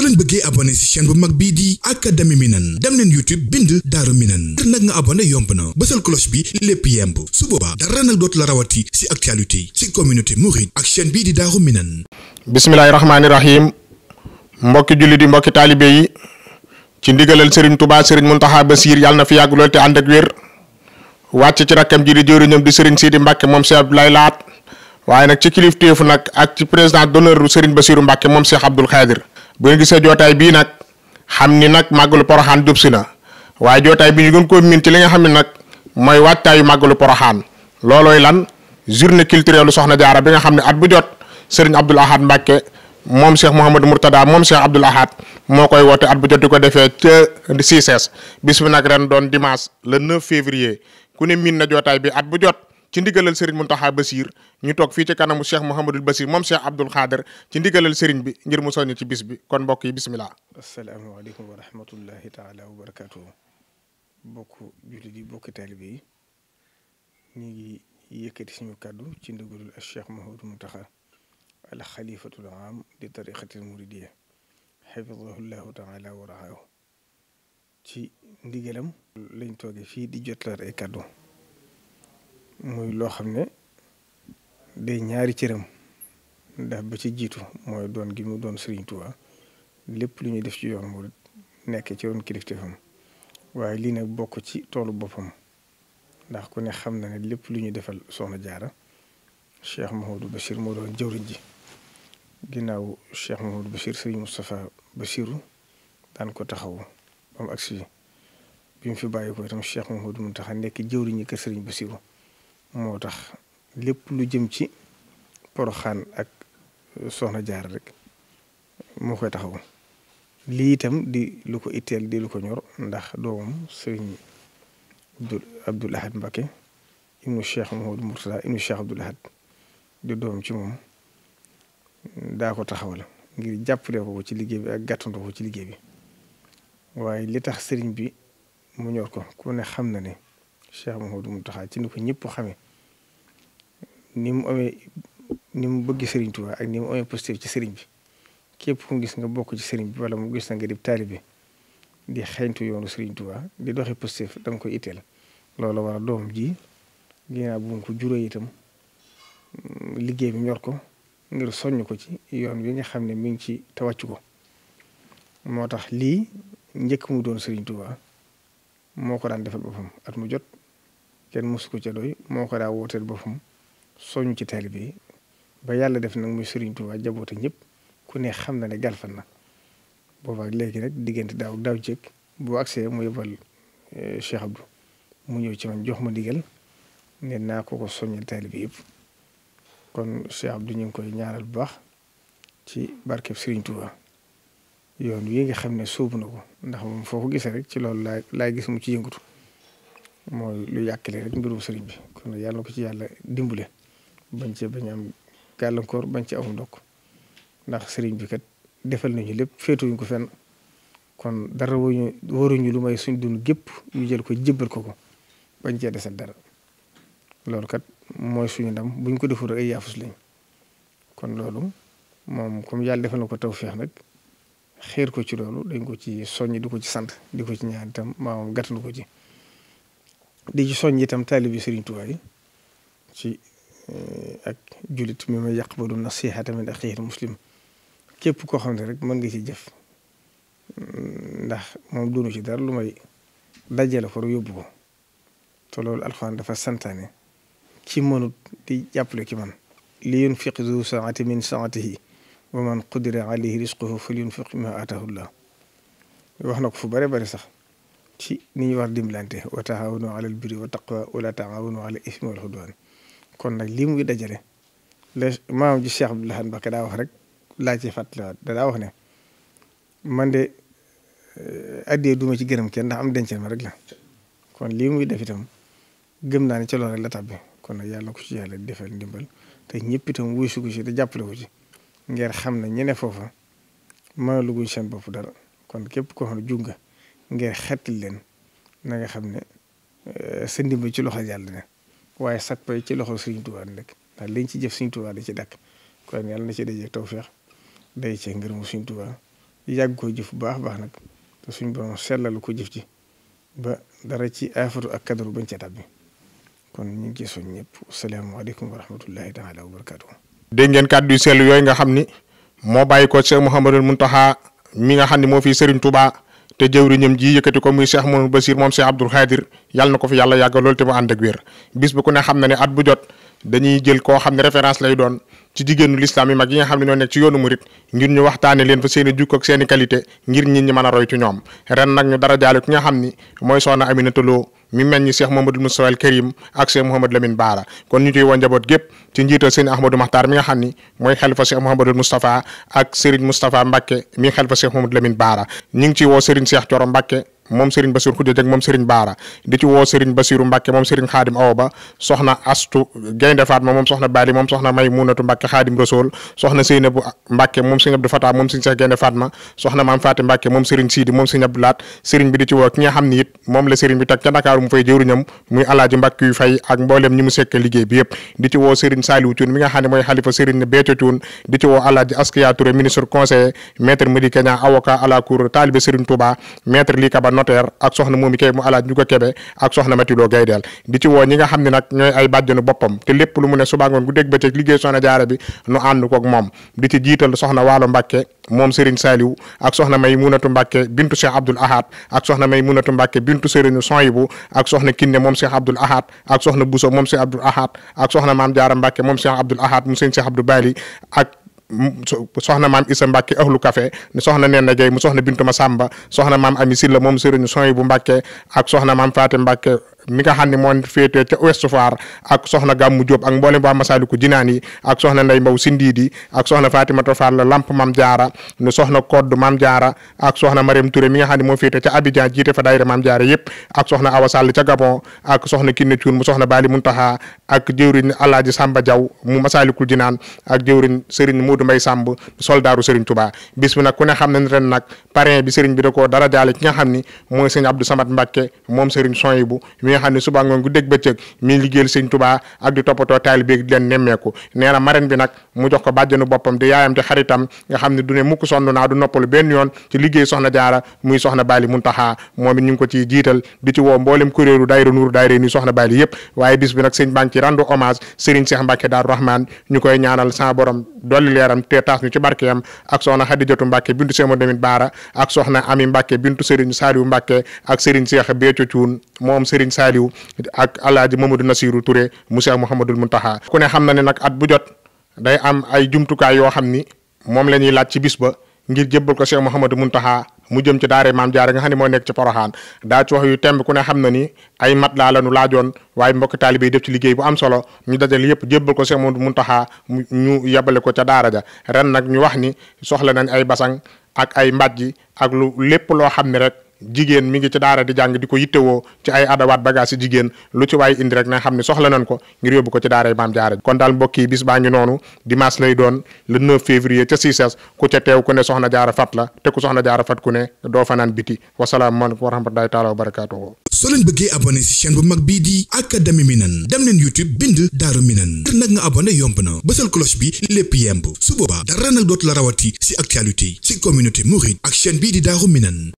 soo leen bëggee abonné ci chaîne bu mag bii di académie Minane dem leen YouTube bind Daaru Minane ngir nag nga abonné yomb na bi lépp yemb su boobaa dara nag dootu la rawati ci actualité ci communauté mouride ak chaîne bii di Daaru Minane bismillaahi rahmaani rahim mbokki julli di mbokki taalibe yi ci ndigalal tubaa Touba Serigne Mountakha Bassir yàlla na fi yàgg lool te ànd ak wér wàcc ci rakkam ji di jëwriñam di Serigne Sidi di moom Cheikh Abdoulaye Laat waaye nag ci kilifteefu nag ak ci président d'honneur Serigne Bassirou Mbacke moom Cheikh Abdoul Khadir bu ngeen gisee jootaay bii nag xam ni nag màggalu poroxaan jub si na waaye jootaay bi ñu gën koo miin ci li nga xam ne nag mooy waajtaayu màggalu poroxaan loolooy lan journée culturelle lu soxna jaara bi nga xam ne at bu jot sëriñ Abdoul Ahad Mbacke moom Cheikh Mouhamadou Mourtada moom Cheikh Abdoul Ahad moo koy woote at bu jot di ko defee ca CICES bis bi nag ren doon dimanche le 9 février ku ne miin na jootaay bi at bu jot ci ndigalal sëriñ taxa Basiir ñu toog fii ci kanamu cheikh Mouhamadul Basiir moom cheikh Abdoul Xaader ci ndigalal sëriñ bi ngir mu soññ ci bis bi kon mbokk yi bisimilah. asalaamaaleykum wa rahmatullahi taala wa barakaatu. bokk jullit yi ñu ngi yëkkati suñu kàddu ci ndigalul cheikh Mouhamadul Muntaxa al xalifatul aam di tariqatil muridiyya xafidahullahu taala wa raahu ci ndigalam lañ toogee fii di jotlaat ay kàddu muy loo xam ne de ñaari cëram ndax ba ci jiitu mooy doon gi mu doon Serigne Touba lépp lu ñuy def ci yoon mu nekk ci yoon kilifteefam waaye lii nag bokk ci toolu boppam ndax ku ne xam na ne lépp lu ñu defal Soxna Jaara Cheikh Mouhamadou Bachir moo doon jëwriñ ji ginnaaw Cheikh Mouhamadou Bachir Serigne Moustapha Bachirou daan ko taxawu ba mu agsi bi mu fi bàyyi ko itam Cheikh Mouhamadou Mountakha nekk jëwriñu kër Serigne Bachirou moo tax lépp lu jëm ci poroxaan ak soxna jaar rek moo koy taxaw lii itam di lu ko itteel di lu ko ñor ndax doomam sëriñ Abdul Ahad Mbakke ibnu Cheikh Mouhamadou Mourtada ibnu Cheikh Abdul Ahad di doom ci moom daa ko taxawal ngir jàppale ko ci liggéey bi ak gàttandoo ko ci liggéey bi waaye li tax sëriñ bi mu ñor ko ku ne xam na ne Cheikh Mouhamadou Mountakha ci ni ko ñëpp xamee ni mu amee ni mu bëgg Serigne ak ni mu amee positif ci sëriñ bi képp ko gis nga bokk ci sëriñ bi wala mu gis na nga dib taalibe di xeeñtu yoonu Serigne di doxi positif da koy itteel loolu war a ji ginnaaw bu mu itam liggéey bi ñor ko ngir soññ ko ci yoon wi nga xam ne mi ngi ci te wàcc ko moo tax lii njëkk mu doon Serigne Touba moo ko daan defal boppam at mu jot kenn mosu ko ca doy moo ko daa wooteel boppam soñu ci taalibe yi ba yàlla def nag muy Serigne Touba jaboote ñëpp ku ne xam na ne galfan na boobaak léegi nag diggante daaw daaw jëkk boo agsee mu yebal eh, Cheikh Abdou mu ñëw ci man jox ma digal ne naa ko ko soññal taalibe yëpp kon Cheikh du ñu ngi koy ñaaral bu baax ci barkeb Serigne Touba yoon wi nga xam ne suubu na ko ndax moom foo ko gisee rek ci loolu laa laay gis mu ci yëngatu. mooy lu yàqale rek mbirum sëriñ bi kon yàlla ko ci yàlla dimbale bañ cee bañ am gàllankoor bañ ci amul ndokk ndax sëriñ bi kat defal nañu lépp féetuñu ko fenn kon dara waruñu waruñu lu may suñ dund gépp ñu jël ko jébbal ko ko bañ cee desal dara loolu kat mooy suñu ndam buñ ko deful ay yaafus lañ kon loolu moom comme yàlla defal na ko feex nag xeer ko ci loolu dañ ko ci soññ di ko ci sant di ko ci ñaan tam maamam gàttandu ko ci. di ci soññ itam taalibi Sëriñ Tuubaa yi ci eh, ak jullit mi ma yaqbalu nasihata min axiihil muslim képp koo xam ne rek mën nga ci jëf ndax moom dunu ci dara lu may dajale ko rek yóbbu ko te loolu alxuraan dafa santaane ci mënut di jàppale ki man li yunfiq zu saati min saatihi wa man qudira alayhi risquhu fal yunfiq ma aatahu llah wax na ko fu bare bare sax ci ni ñu war dimbalante wa taawanu alal birri wa taqwa wala taawanu alal ismi kon nag lii muy dajale la maam ji Cheikh Abdoul Ahad Mbacké daa wax rek laa ci fàttaliwaat daa wax ne man de eh, addee duma ci gërëm kenn ndax am denceen ma rek la kon lii muy def itam gëm naa ne ca loolu rek la tàbbi kon nag yàlla ko ci yàlla defal ndimbal te ñëpp itam wuy sugu si te jàppale ngir xam na ñu ne foofa mënaluguñ seen boppu dara kon képp koo xam jug nga ngir xettil leen na nga xam ne eh, sa ndimbal ci loxo yàlla ne waaye sag pay ci loxo Sëriñ Tuubaa nag ndax liñ ci jëf Sëriñ Tuubaa da ci dakk kon yàlla na ci dajeeg tawféex day cee ngërëmu Sëriñ Tuubaa yàgg ko jëf bu baax baax nag te suñ borom sellal ko jëf ci ba dara ci aafatu ak kadaru bañ ca tàbbi kon ñu ngi ci soñ ñëpp salaamaaleykum wa rahmatullahi taala wa barakaatu. ngeen kàddu yu sell yooyu nga xam ni moo bàyyi ko Cheikh Mouhamadul Mountakha mi nga xam ni moo fi te jëwriñam ji yëkkati ko muy Cheikh Mouhamadou Bachir moom Cheikh Abdoul Khadir yàlla na ko fi yàlla yàggal lool te mu ànd ak wér bis bu ku ne xam na ne at bu jot dañuy jël koo xam ne référence lay doon ci jigéenu lislaam yi mag yi nga xam ne ñoo nekk ci yoonu murit ngir ñu waxtaane leen fa seen i jukk ak seen i qualité ngir nit ñi mën a roy ci ñoom ren nag ñu dara jaale ki nga xam ni mooy soxna Aminata Lo mi meññ Cheikh Mouhamadoul Moustapha al Karim ak Cheikh Mouhamadou Lamine Bara kon ñu ciy woo njaboot gépp ci njiital sëñ Ahmadou Makhtar mi nga xam ni mooy xalifa Cheikh Mouhamadoul Moustapha ak Serigne Moustapha Mbacke mi xalifa ñu ngi ciy woo Serigne Cheikh Thioro Mbacke moom Serigne Bassirou Khoudia Dieng moom Serigne Baara di ci woo Serigne Bassirou Mbacke moom Serigne Khadim Awa Ba soxna Astu Gaynde Fatma moom soxna Bali soxna May Munatu Mbacke Khadim Rasoul soxna Seynabu Mbacke moom moom Serigne Cheikh Gaynde moom Serigne Sidi moom Serigne Abdou bi di ci woo ki nga xam ni it moom la Serigne bi teg ca Dakar mu fay jëwriñam muy Alaaji Mbacke fay ak mbooleem ñi mu liggéey bi yëpp di ci woo Serigne Saliou Thioune mi nga xam mooy xalifa notaire ak soxna Momi Kebe mu alaaj ñu ko Kebe ak soxna Matiloo Gaydeel di ci woo ñi nga xam ne nag ñooy ay bàjjenu boppam te lépp lu mu ne suba ngoon gu dégg bëccëg liggéey soxna jaara bi nu ànd koog moom di ci jiital soxna Waalo Mbàkke moom Serigne Saliou ak soxna May Munatu Mbàkke bintu Cheikh Abdoul ak soxna Kinne moom Cheikh Abdoul Ahad ak soxna Bousso moom Cheikh Abdoul Ahad ak soxna Maam Jaara Mbàkke moom Cheikh Abdoul Ahad mu Serigne Cheikh Abdou soxna maam Issa Mbacke ahlu café ni soxna Nene Gueye mu soxna Bintu samba soxna maam Ami Silla moom sëriñu son yi bu Mbacke ak soxna maam Faati Mbacke mi nga xam ne moo féetee ca Ouest Foire ak soxna Gàmmu Jóob ak mboolem waa Masaalikul Jinaan yi ak soxna Ndey Mbaw Sindiidi ak soxna Fatimata Fall Lamp Mam Jaara nu soxna Kodd Mam Jaara ak soxna Mariam Touré mi nga xam ne moo féetee ca Abidjan jiite fa daayira Mam Jaara yëpp ak soxna Awa Sall ca Gabon ak soxna Kinne Cuun mu soxna Baali Muntaxa ak jëwriñ Samba Jaw mu Masaalikul Jinaan ak jëwriñ Sëriñ Moodu Mbay Sàmb soldaaru Sëriñ Tuubaa bis bi nag ku ne xam ne ren nag parrain bi sëriñ bi da koo dara jaale ki nga xam ni mooy sëriñ Abdou Samad Mbàkke moom sëriñ Soyibu mi nga xam ne suba ngoon gu dégg bëccëg mi liggéeyal sëñ tubaa ak di muy soxna baali muntaxaa moom it ñu ko ci jiital di ci woo mboolem kuréelu daayira nuuru daayira ni soxna baali yëpp waaye bis bi nag sëñ baa ngi ci rendu hommage sëriñ Cheikh ñu koy ñaanal sa dolli leeram te taas ñu ci barkeem ak soxna jotu Mbàkke bintu Seex Mamadu Lamin Baara ak soxna Ami Mbàkke bintu Serigne Saliou Mbàkke ak Serigne Cheikh Béthio Thioune moom Serigne Saliou ak Alaaji Mamadou Nasiru Touré mu Cheikh Mouhamadul taxaa ku ne xam na ne nag at bu jot day am ay jumtukaay yoo xam ni moom la ñuy laaj ci bis ba ngir jébbal ko Cheikh Mouhamadou Mountakha mu jëm ci daare maam jaare nga xam ne moo nekk ci poroxaan daa ci wax yu temb ku ne xam na ni ay mat laa la nu laajoon waaye mbokki taalibe yi def ci liggéey bu am solo ñu dajal yëpp jébbal ko Cheikh Mouhamadou Mountakha ñu yabale ko ca daara ja ren nag ñu wax ni soxla nañ ay basang ak ay mbàjj ak lu lépp loo xam ne rek jigéen mi ngi ci daara di jàng di ko yittewoo ci ay adawaat bagage yi jigéen lu ci waay indi rek naa xam ne soxla nañ ko ngir yóbbu ko ci daara maam jaara kon daal mbokk yi bis baa ngi noonu dimanche lay doon le 9 février ca CICES ku ca teew ku ne soxna jaara fat la te ku soxna jaara fat ku ne doo fanaan biti wasalaamaaleykum wa rahmatullahi taala wa barakaatuhu soo leen bëggee abonné si chaîne bu mag bii di académie minan dem leen youtube bind daaru minan dër nag nga abonné yomb na bësal cloche bi lépp yemb su boobaa dara nag dootu la rawati si actualité